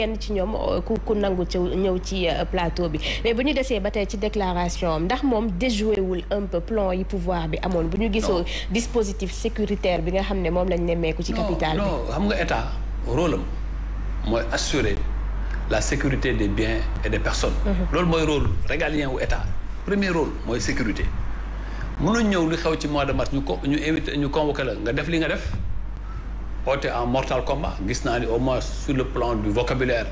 kenn ci ñoom euh, ku ku nangu ñëw ci euh, plateau bi mais bu ñu desee ba tey ci déclaration am ndax moom déjoué wul un peu plan yi pouvoir bi amoon bu ñu gisoo dispositif sécuritaire bi nga xam ne moom lañ nemmeeku ci capital bi xam nga état rôle am mooy assurer la sécurité des biens et des personnes mhm. loolu mooy rôle régalien wu état premier rôle mooy sécurité mënuñ ñëw li xew ci mois de mars ñu ko ñu invité ñu convoqué la nga def li nga def porté en mortal combat gis naa ni au moins sur le plan du vocabulaire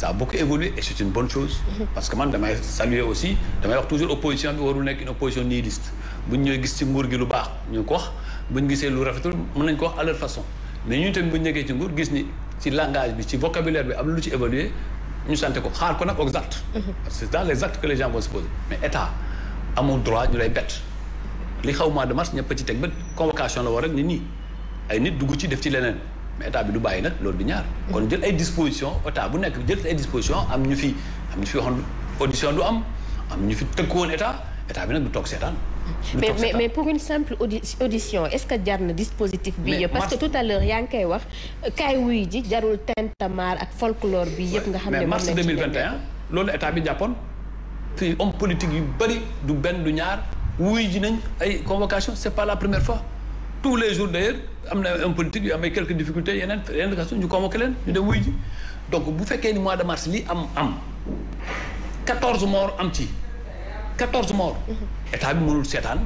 ça a beaucoup évolué et c'est une bonne chose parce que man damay saluer aussi damay wax toujours opposition bi warul nekk une opposition nihiliste bu ñu ñëwee gis ci nguur gi lu baax ñu ko wax bu ñu gisee lu rafetul mën nañ ko wax à leur façon mais ñun tamit bu ñu nekkee ci nguur gis ni ci langage bi ci vocabulaire bi am lu ci évolué ñu sante ko xaar ko nag aux actes mhm. parce que c'est dans les actes que les gens vont se poser mais li xaw mois de mars ñëpp ci teg bët convocation la war rek ay nit dugg ci def ci leneen mais état bi du bàyyi nag loolu du ñaar. kon jël ay disposition état bu nekk jël ay disposition am ñu fi am ñu fi waxoon audition du am am ñu fi tëkkuwoon état état bi nag du toog seetaan. mais mais mais pour une simple audi audition est-ce que jar na dispositif bi yëpp parce que tout à l'heure yaa ngi koy wax kaay wuy ji jarul tintamarre ak folklore bi yëpp nga xam ne mais mars 2021 loolu état bi jàppoon fii homme politique yu bëri du benn du ñaar wuy ji nañ ay convocation c'est pas la première tous les jours d'ailleurs am na un politique yu amee quelques difficultés yeneen yeneen kasu ñu convoqué leen ñu dem wuy ji donc bu fekkee ni mois de mars li am am 14 morts am ci 14 morts. Mhm. état bi mënul seetaan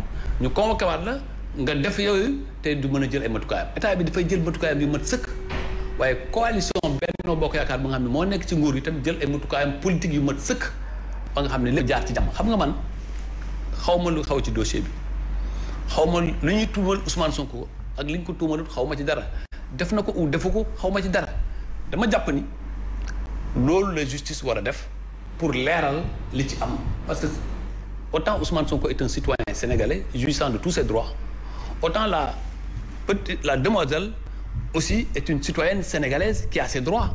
ñu convoqué la nga def yooyu te du mën a jël ay matukaayam état bi dafay jël matukaayam yu mat sëkk waaye coalition Benno Bokk Yaakaar ba nga xam ne moo nekk ci nguur gi tam jël ay matukaayam politique yu mat sëkk ba nga xam ne lépp jaar ci jàmm xam nga man xaw ma lu xaw ci dossier bi. xaw ma lu ñuy tuumal Ousmane Sonko ak li ñu ko tuumalut xaw ma ci dara def na ko ou defu ko xaw ma ci dara dama jàpp ni loolu la justice war a def pour leeral li ci am parce que autant Ousmane Sonko est un citoyen sénégalais jouissant de tous ses droits autant la petite la demoiselle aussi est une citoyenne sénégalaise qui a ses droits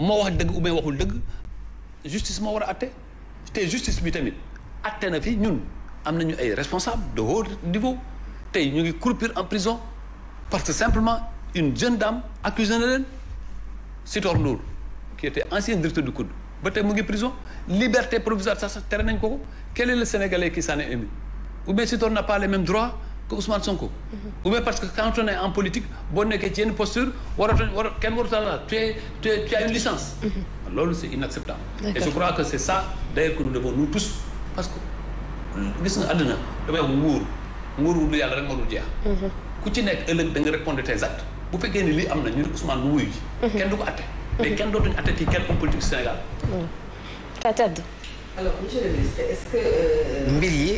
moo wax dëgg ou waxul dëgg justice moo war a atte te justice bi tamit atte na fi ñun am nañu ay responsables de haut niveau tey ñu ngi croupir en prison parce que simplement une jeune dame accusé na leen Sitor Ndour qui était ancien directeur du COUD ba tey mu ngi prison liberté provisoire sa tere nañ ko ko quel est le sénégalais qui s'en est ému ou bien Sitor n'a pas les mêmes droits que Ousmane Sonko. Mm-hmm. ou bien parce que quand en politique boo nekkee ci yenn posture waratoo war kenn warutal la tu es tu es une licence. Mm-hmm. loolu c'est inacceptable. et je crois que que. gis nga àdduna damay wax nguur nguur wu yàlla rek moo dul jeex. Mhm. ku ci nekk ëllëg da nga répondre tes actes bu fekkee ni lii am na ñu ne Ousmane lu wuyu ji. Mhm. kenn du ko atte. mais kenn dootuñu atte ci kenn homme politique Sénégal. Mhm. Euh,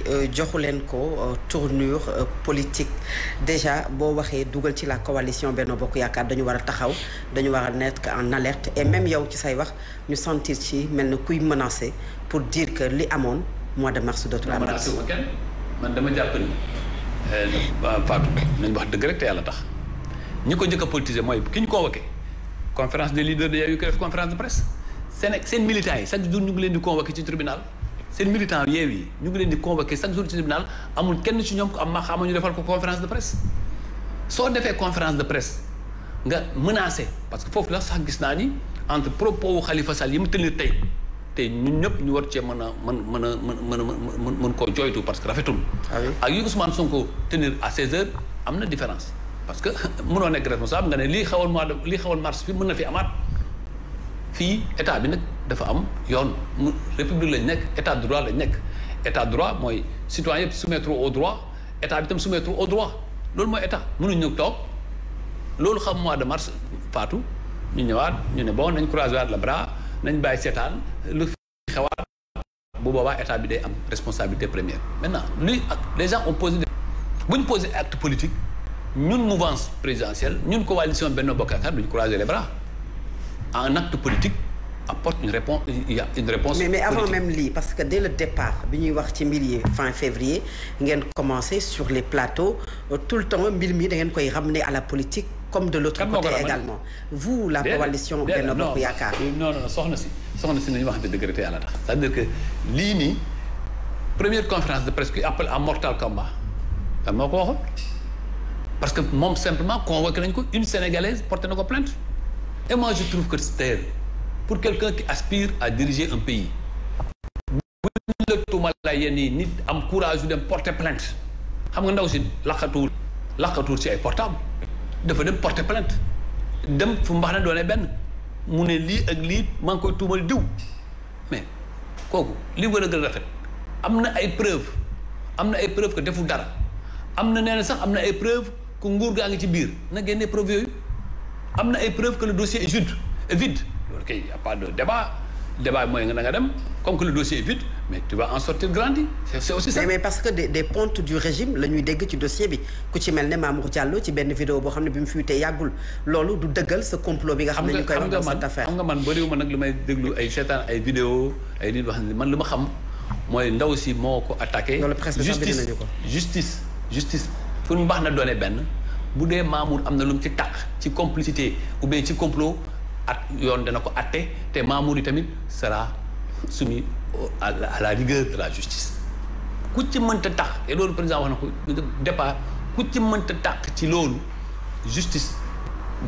euh, joxu leen ko euh, tournure politique déjà boo waxee dugal ci la coalition benn Bokk Yaakaar dañu war a taxaw dañu war a nekk en alerte et même yow ci say wax ñu sentir ci mel na kuy menacé pour diir que li amoon. mois de mars dootul am. man dama jàpp ni euh, Fatou nañ wax dëgg rek te yàlla tax ñi ko njëkk a politiser mooy ki ñu convoqué conférence des leaders de Yewwi ko def conférence de presse seen seen militants yi chaque jour ñu ngi leen di convoqué ci tribunal seen militants Yewwi yi ñu ngi leen di convoqué chaque jour ci tribunal amul kenn ci ñoom ko am ma xaama ñu defal ko conférence de presse soo defee conférence de presse nga menacé parce que foofu la sax gis naa ni entre propos wu Khalifa Sall yi mu tenir tey te ñun ñëpp ñu war cee mën a man mën a mën mën mën koo jooytu parce que rafetul. Ah ak yu Ousmane Sonko tenir à 16h parce que mënoo nekk ne lii xewoon mois de lii xewoon mars fii mën na fi amaat fii état bi nag dafa am yoon mu république lañ nekk état de droit nekk état de droit mooy citoyen yëpp soumettre au droit état bi tam soumettre au droit loolu mooy état mënuñ ñu toog loolu xam mois de mars faatu ñu ñëwaat ñu ne bon nañ croiser le bras. nañ bàyyi seetaan lu bu boobaa état bi day am responsabilité première maintenant luy ak les gens ont posé bu ñu posé acte politique ñun mouvance présidentielle ñun coalition Benno Bokk Yaakaar duñu croiser les bras un acte politique apporte une réponse il y a une réponse mais mais avant même lii parce que dès le départ bi ñuy wax ci mbir yi fin février ngeen commencé sur les plateaux tout le temps mbir mii da ngeen koy ramener à la politique comme de l'autre côté également vous la coalition Benno Bokk Yaakaar non non soxna si soxna si nañu waxante dëgg te yàlla tax c'est-à-dire que lii nii première conférence de presque qui appelle à mortal combat kan moo parce que moom simplement convoqué nañ ko une sénégalaise porté na ko plainte et moi je trouve que c'est pour quelqu'un qui aspire à diriger un pays la tuumalaa yenn yi nit am courage yu dem xam nga ndaw si laqatuwul laqatuwul si ay portable dafa dem porter plainte dem fu mbax na doone benn mu ne lii ak lii maa ngi koy tuumal diw mais kooku li war a gën a rafet am na ay preuve am na ay preuve que deful dara am na nee na sax am na ay preuve que nguur gaa ngi ci biir na génne preuve yooyu am na ay preuve que le dossier est vide vide loolu kay y de débat débat bi mooy nga da nga dem comme que le dossier est vide mais tu vas en sortir grandi mais parce que des pontes du régime la ñuy ci dossier bi ku ci mel ne Mamour Diallo ci benn vidéo boo xam ne bi mu fuitee yàggul loolu du dëggal sa complot bi nga xam ne ñu koy wax xam nga man bëriwuma nag li may déglu ay seetaan ay vidéo ay nit wax ne man li ma xam mooy ndaw si moo ko attaqué. justice justice justice fu na doone benn bu dee Mamour am na lu mu ci taq ci complicité ou bien ci complot. at yoon dana ko atte te Mamour tamit sera soumis à la, à la rigueur de la justice ku ci mënta tax et loolu président wax na ko départ ku ci mënta tax ci loolu justice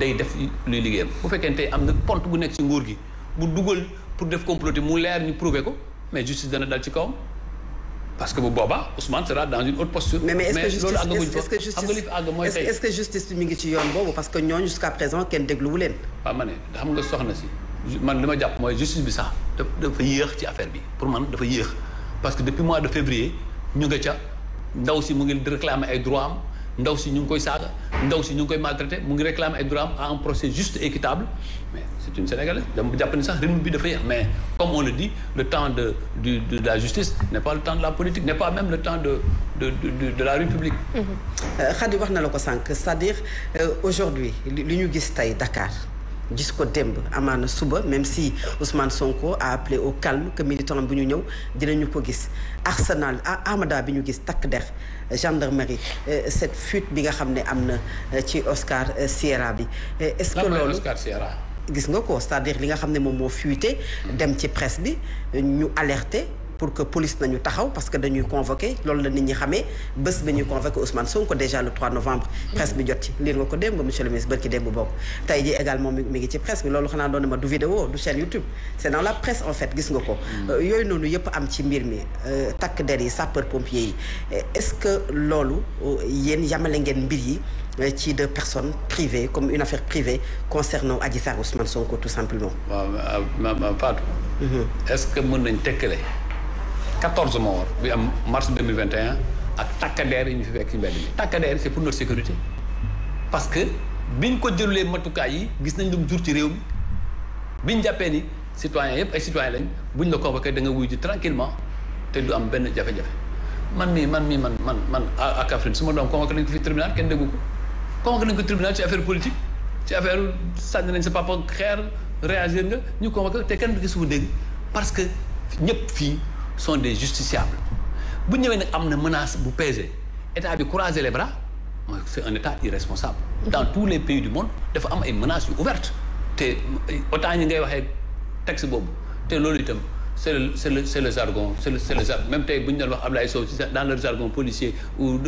day def luy liggéeyam bu fekkente am na pont bu nekk ci nguur gi bu dugal pour def comploter mu leer ñu prouver ko mais justice dana dal ci kaw parce que bu boobaa Ousmane sera dans une autre posture. mais mais est ce justice est ce ngi ci yoon boobu parce que ñooñu jusqu' à présent kenn dégluwu leen. waaw ma ne xam nga soxna si man li ma jàpp mooy justice bi sax dafa yéex ci affaire bi pour man dafa yéex parce que depuis mois de février ñu nga ca ndaw si mu ngi réclamer ay droit am. ndaw si ñu ngi koy saaga ndaw si ñu ngi koy maltraité mu ngi réclamer ay droits à un procès juste et équitable mais c'est une sénégalaise dama jàpp ni sax rythme bi dafa yéex mais comme on le dit le temps de de, de de la justice n'est pas le temps de la politique n'est pas même le temps de de de, la république. Mm-hmm. Euh, Khady wax na la ko sànq c'est-à-dire euh, aujourd'hui li ñu gis tey Dakar. gis ko démb amaana suba même si Ousmane Sonko a appelé au calme que militant bu ñu ñëw dinañu ko gis arsenal amada ah, bi ñu gis takk der gendarmerie euh, cette fuite bi nga xam ne am na euh, ci Oscar euh, Sierra bi est-ce que Oscar Sierra gis nga ko cest à li nga xam ne moom moo fuité hmm. dem ci presse bi ñu alerté pour que police nañu taxaw parce que dañuy convoqué loolu la nit ñi xamee bés ba ñuy convoqué Ousmane Sonko déjà le 3 novembre presse bi jot ci liir nga ko démb monsieur ngi ci presse bi loolu xanaa doon ma du vidéo du chaîne YouTube c'est la presse en fait gis nga ko hmm. euh, yooyu noonu yëpp am ci mbir mi euh, takk der yi sapeur pompier yi est-ce que loolu euh, yéen yamale ngeen mbir yi ci de personnes privées comme une affaire privée concernant Adji Sarr Ousmane Sonko tout simplement mhm. nañ quatorze morts bi am mars 2021 ak takkadeer yi ñu fi fekk ci mbedd mi takkadeer yi c'est pour notre sécurité parce que biñ ko jëlulee matukaay yi gis nañ lu jur ci réew mi ñu jàppee ni citoyens yëpp ay citoyens bu ñu la convoqué da nga wuy ji tranquillement te du am benn jafe-jafe man mii man mii man man man à Kaffrine su ma doom convoqué nañ ko fi tribunal kenn déggu ko convoqué nañ ko tribunal ci affaire politique ci affaire sànni nañ sa papa xeer réagir nga ñu convoqué te kenn du dégg parce que ñëpp fii sont des justiciables bu ñëwee nag am na menace bu pesé état bi croiser les bras mooy c'est un état irresponsable dans tous les pays du monde dafa am ay menaces yu ouvertes te autant ñi ngay waxee texte boobu te loolu itam c'est le jargon c'est le jargon même tey bu ñu doon wax Ablaye Sow dans leur jargon policier ou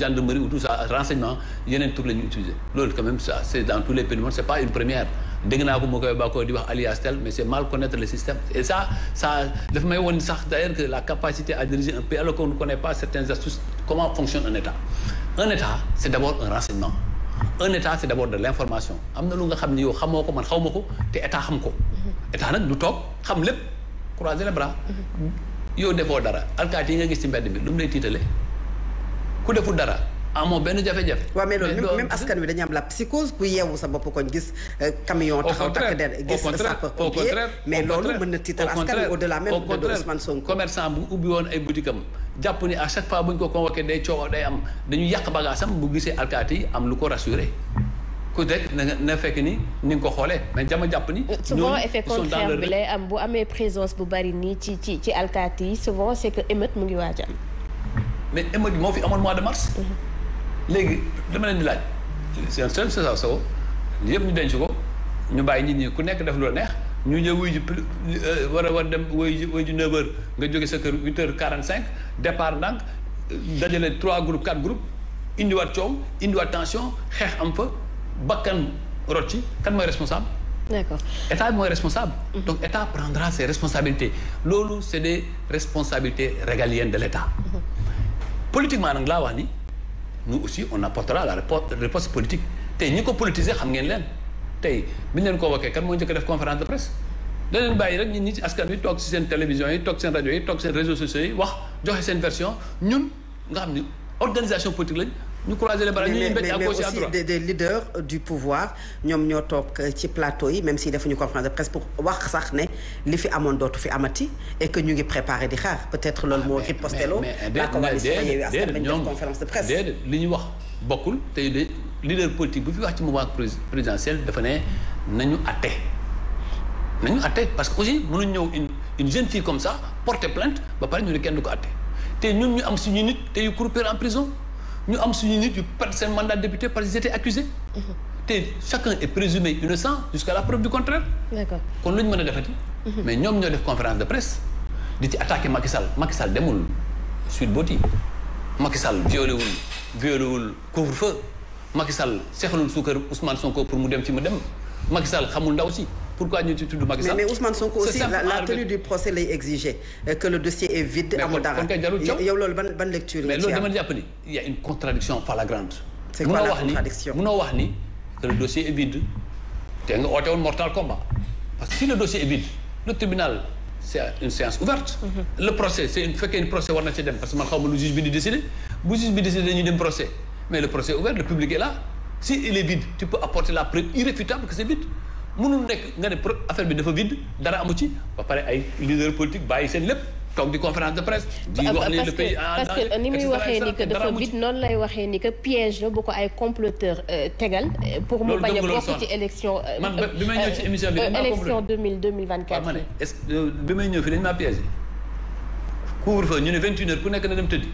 gendarmerie ou tout ça renseignement yeneen tur la ñu utiliser loolu quand même ça c'est dans tous les pays du monde c'est pas une première dégg naa ko mu koy bàkkoo di wax alias tel mais c'est mal connaître le système et ça ça dafa may woon sax d'ailleurs la capacité à diriger un pays alors qu'on ne connaît pas certaines astuces comment fonctionne un état un état c'est d'abord un renseignement un état c'est d'abord de l'information am na lu nga xam ni yow xamoo ko man xaw ma ko te état xam ko état nag du toog xam lépp croiser les bras mm-hmm. yow defoo dara alkaati yi nga gis ci mbedd bi lu mu lay tiitale ku deful dara amoo benn jafe-jafe. waaw mais loolu même askan wi dañu am la psychose ku yeewu sa bopp koñ gis euh, camion taxaw takk der gis sapeur-pompier mais loolu mën na tiital askan wi au delà même de Ousmane Sonko commerçant bu ubbi à chaque fois bu ko convoqué day coow day am dañu yàq am lu ko rassuré ku nekk na fekk ni ni nga ko xoolee mais jama jàpp ni. Euh, souvent effet contraire bi lay bu bari nii ci ci ci alkaati yi souvent c'est que mu ngi waaj am mais émeute moo fi amoon mois de mars. Mm-hmm. léegi dama leen di laaj seen seen sa sow yëpp ñu denc ko ñu bàyyi nit ñi ku nekk def loolu neex ñu ñëw wuy ju plus euh, war a war dem wuy ji wuy ji 9 nga jóge sa kër 8 heures 45 départ ndànk dajale 3 groupes 4 groupes indiwaat coow indiwaat tension xeex am fa bakkan rot ci kan mooy responsable. d'accord état bi mooy responsable. Mm-hmm. donc état prendra ses responsabilités loolu c'est des responsabilités régaliennes de l'état. Mm-hmm. politiquement nag laa wax ni. nous aussi on apportera la réponse politique tey ñi ko politiser xam ngeen leen tey biñ leen convoqué kan moo njëkk def conférence de presse da leen bàyyi rek ñun ñi ci askan wi toog ci seen télévision yi toog seen rajo yi toog seen réseaux sociaux yi wax joxe seen version ñun nga xam ni organisation politique lañ ñu croiser les bras ñu ngi à gauche à ñoom ñoo toog ci plateau yi même si defuñu conférence de presse pour wax sax ne li fi amoon dootu fi amati et que ñu ngi préparé di xaar peut-être loolu ah, moo riposteloo la coalition de li ñu wax bokkul te de leader bu fi wax ci mouvement présidentiel dafa ne nañu atte nañu atte parce que aussi mënuñ ñëw une une jeune fille comme ça porter plainte ba pare ñu ne kenn du ko atte te ñun ñu am suñu nit te yu courir en prison ñu am suñu nit yu perdre seen mandat député parce qu'ils étaient accusés mhm. te chacun est présumé innocent jusqu'à la preuve du contraire kon lu ñu mën a defati mhm. mais ñoom ñoo def conférence de presse di ci attaque Macky Sall Macky Sall demul Sweet Beauty Macky Sall violé wul violé wul couvre-feu Macky Sall seexalul suukar Ousmane Sonko pour mu dem ci mu dem Macky Sall xamul ndaw si pourquoi ñu ci tudd Macky Sall mais Ousmane Sonko aussi la, la tenue du procès lay exiger euh, que le dossier est vide amul dara yow loolu lecture mais loolu dama jàpp ni il y a une contradiction flagrante c'est quoi la ni que le dossier est vide te nga oote woon mortal combat parce que si le dossier est vide le tribunal c'est une séance ouverte mhm. le procès c'est une procès war le public est là si il est vide tu peux apporter la preuve irréfutable que c'est vide mënul nekk nga ne affaire bi dafa vide dara amu ci ba pare ay leader politique bàyyi seen lépp toog di conférence de presse. di wax ni le pays parce que ni muy ni que dafa vide noonu lay waxee ni que piège la bu ko ay comploteur euh, tegal. Euh, pour mu bañ a bokk ci élection. Euh, man bi may ñëw ci bi dañ maa élection deux mille deux may ñëw fii dañ maa piégé ñu ne vingt une heures ku nekk na dem tëddi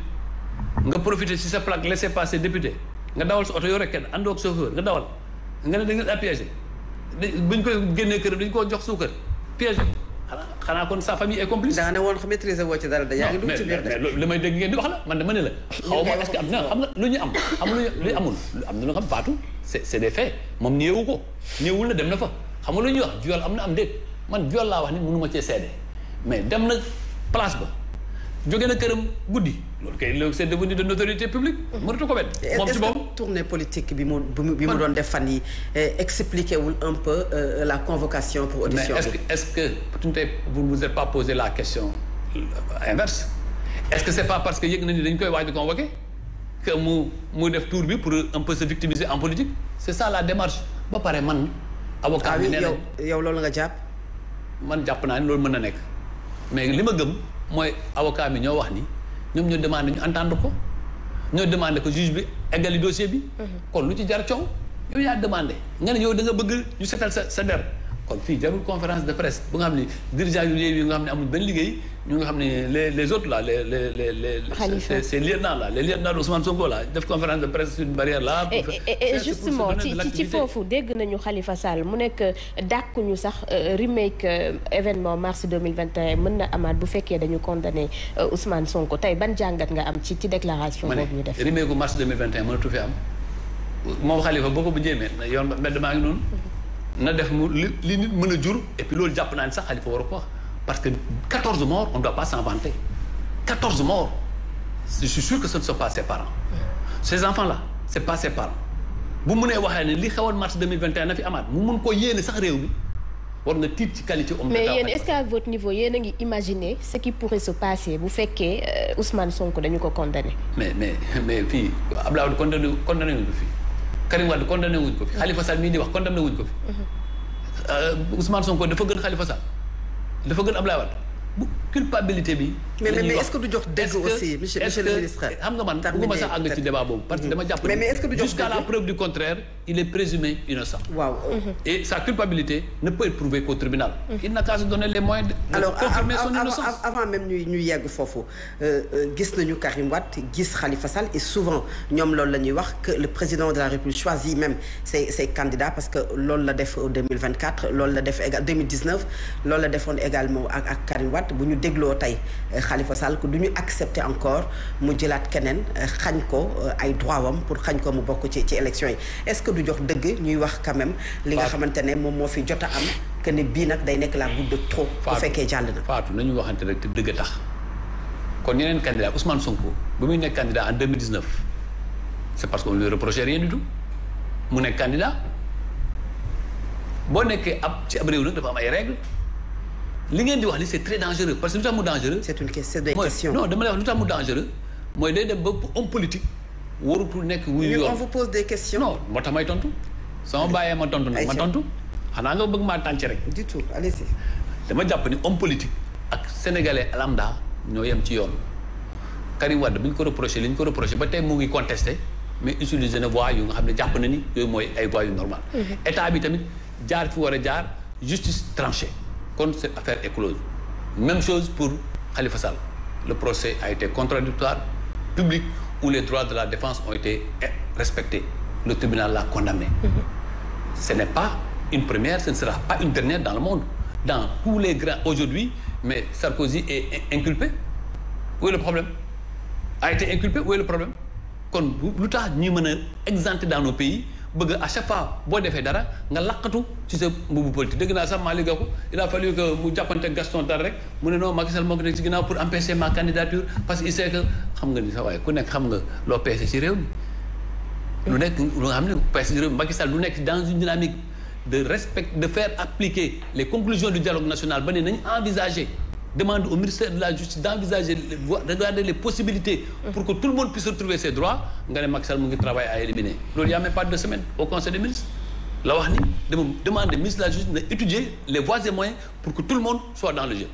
nga profité si sa plaque laissez passer député nga dawal sa oto yoo rek kenn àndoo ak chauffeur nga dawal nga ne da nga piégé. buñ koy génnee këram dañ koo jox suukar piège xanaa xanaa kon sa famille est complice. daa ne woon maîtriser woo ci dara de yaa ngi dugg ci biir de. mais li may dégg ngeen di wax la man de ma ne la. xaw ma est-ce que am na lu ñu am xam lu ñu amul am na lu nga xam faatu c'est c'est des faits moom néewu ko néewul na dem na fa xam nga lu ñuy wax viol am na am déet man viol laa wax ni mënu ma cee seede mais dem na place ba. jóge na këram guddi loolu kay loolu c'est devenu de notoriété publique. Mhm. mënatu ko benn moom ci moom est-ce que tournée politique bi eh, expliqué wul un euh, la convocation pour audition bi. que est-ce que vous la question euh, inverse est pas parce que yëg nañu dañ koy waaj di mu mu def tour bi pour un peu en politique c'est ça la démarche ba pare man. avocat bi ah nee yow loolu nga jàpp. man jàpp naa loolu mën na nekk mais li ma gëm. mooy avocat bi ñoo wax ni ñoom ñoo demandé ñu entendre ko ñoo demandé ko juge bi eggali dossier bi. Mhm. kon lu ci jar coow yow yaa demandé nga ne yow da nga bëgg ñu setal sa sa der. kon fii jarul conférence de presse bu nga xam ne dirigeant yu léew yi nga xam ne amul benn liggéey ñu nga xam ne les les autres là les les les les ces lieutenants là les lieutenants Ousmane Sonko là def conférence de presse sur une barrière là et justement ci ci foofu dégg nañu Khalifa Sall mu nekk euh, dàkkuñu sax euh, remake euh, événement mars 2021 mën na amaat bu fekkee dañu condamné Ousmane Sonko tey ban jàngat nga am ci ci déclaration boobu ñu def remake mars 2021 mënatu fi am moom Khalifa boo ko bu jéemee yoon mbedd maa ngi noonu mhm. na def mu li li nit mën a jur et puis loolu jàpp naa ni sax Khalifa war a ko wax parce que 14 morts on ne doit pas s'en vanter 14 morts je suis sûr que ce ne sont pas ses parents ces enfants là c'est pas ses parents bu mënee waxee ne li xewoon mars 2021 na fi amaat mu mën koo yéene sax réew mi war na tiit ci qualité homme mais yéen est-ce qu'à votre niveau yéen a ngi imaginer ce qui pourrait se passer bu fekkee euh, Ousmane Sonko dañu ko condamné mais mais mais fii Abdoulaye Wade fii Karim Wade condamné wuñ ko fi. Khalifa Sall mii di wax condamné wuñ ko fi. Mhm. Euh, Ousmane Sonko dafa gën Khalifa Sall dafa gën Ablaye Wade. culpabilité bi. mais mais est-ce que du jox dëgg aussi monsieur monsieur ministre. xam nga man bëgguma sax àgg ci boobu. parce que dama jàpp la preuve du contraire il est présumé innocent. waaw. et sa culpabilité ne peut qu'au tribunal. Mm-hmm. il n'a qu'à donner les moyens de. alors avant même ñuy yegg foofu euh, euh, gis nañu Karim Wade gis Khalifa Sall et souvent ñoom loolu la wax que le président de la République choisit même ses ses parce que loolu la def 2024 la def également dégloo tey euh, Khalifa Sall du ñu accepter encore mu jëlaat keneen euh, xañ ko euh, ay droit wam pour xañ ko mu bokk ci ci élection yi est-ce que du jox dëgg ñuy wax quand li nga xamante ne moom moo fi jot a am que ne bii nag day nekk la goutte de trop bu fekkee jàll na Fatou nañu waxante rek te dëgg tax kon yeneen candidat Ousmane Sonko bu muy nekk candidat en 2019 c'est parce qu'on lui reprochait rien du tout mu nekk candidat boo nekkee ab ci ab réew nag dafa am ay règles li ngeen di wax li c'est très dangereux parce que lu tax mu dangereux. c'est une question de question non dama lay wax lu tax dangereux mooy day dem ba homme politique warutul nekk wuyu yoon. moo tax may tontu. sama bàyyee ma tontu nag ma tontu. xanaa nga bëgg maa tànc rek. du tout allez-y. dama jàpp ni homme politique ak sénégalais lambda ñoo yem ci yoon. Karim Wade bi ñu ko reproché li ñu ko reproché ba tey mu ngi contesté mais utiliser na voie yu nga xam ne jàpp na ni yooyu mooy ay voies yu normal mm-hmm. état bi tamit jaar fi war a jaar justice tranchée. kon cette affaire est même chose pour Khalifa Sall le procès a été contradictoire public où les droits de la défense ont été respectés le tribunal l'a condamné mm -hmm. ce n'est pas une première ce ne sera pas une dernière dans le monde dans tous les grands aujourd'hui mais Sarkozy est inculpé où est le problème a été inculpé où est le problème kon lu tax ñuy mën a exempter dans nos pays bëgg à chaque fois boo defee dara nga laqatu ci sa mbubu politique dëgg naa sax Malick Gakou il a fallu que mu jàppante Gaston Tall rek mu ne non Macky Sall moo ko nekk ci ginnaaw pour empêcher ma candidature parce que il sait que xam nga ni sa waaye ku nekk xam nga loo peese ci réew mi. lu nekk lu nga xam ne peese ci réew mi Macky Sall lu nekk dans une dynamique de respect de faire appliquer les conclusions du dialogue national ba ne nañ envisager. demande au ministère de la justice d'envisager regarder les possibilités pour que tout le monde puisse retrouver ses droits nga ne Macky mu ngi travail à éliminer loolu y a même pas deux semaines au conseil des ministres la wax ni demande ministre de la justice na étudier les voies et moyens pour que tout le monde soit dans le jeu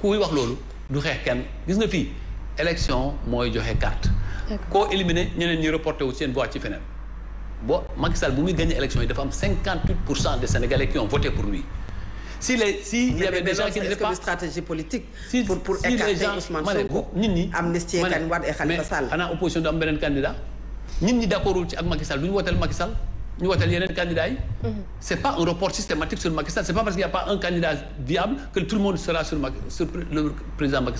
kuy wax loolu du xeex kenn gis nga fi élection mooy joxe carte koo éliminer ñeneen ñi reporté wu seen voix ci feneen bon Macky Sall bu muy gagné élection yi dafa am cinquante si les si il y avait des gens qui n'étaient pas une stratégie politique. si pour pour écarter Ousmane Sonko nit ñi amnistie Karim Wade et Khalifa mais xanaa opposition du am candidat nit ñi d'accordul ci ak Macky Sall du ñu wooteel Macky Sall ñu wooteel yeneen candidats yi. Mhm. c'est pas un report systématique sur Macky Sall c'est pas parce qu'il y a pas un candidat viable que tout le monde sera sur le président Macky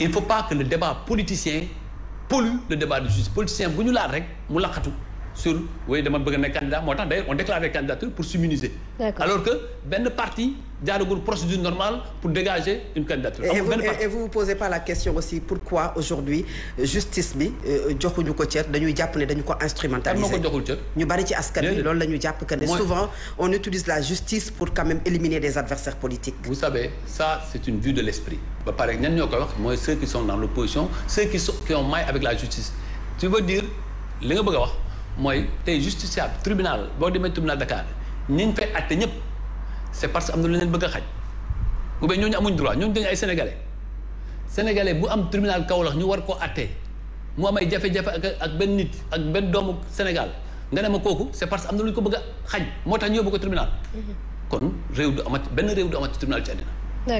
il faut que le débat politicien pollue le débat de justice politicien bu ñu laal rek mu laqatu. sur oui dama bëgg a nekk candidat moo tax d'ailleurs on déclare les pour s'immuniser alors que benn parti jaaragul procédure normale pour dégager une candidature et, et, vous, et, et vous vous posez pas la question aussi pourquoi aujourd'hui euh, justice bi euh, joxuñu ko cër dañuy jàpp ne dañu ko instrumentaliser moo ko joxul cër ñu bari ci askan bi loolu la ñu jàpp que ne souvent on utilise la justice pour quand même éliminer des adversaires politiques vous savez ça c'est une vue de l'esprit ba pare li nga bëgg wax mooy tey justiciable tribunal boo demee tribunal Dakar ñi ñu fay àtte ñëpp c'est parce que am na lu neen bëgg a xaj ou bien ñooñu amuñ droit ñooñu dañu ay sénégalais sénégalais bu am tribunal Kaolack ñu war koo àtte mu am ay jafe-jafe ak ak benn nit ak benn doomu Sénégal nga ne ma kooku c'est parce que am na lu ñu ko bëgg a xaj moo tax ñu yóbbu ko tribunal. Mm-hmm. kon réew du amat benn réew du amat ci tribunal ci àddina.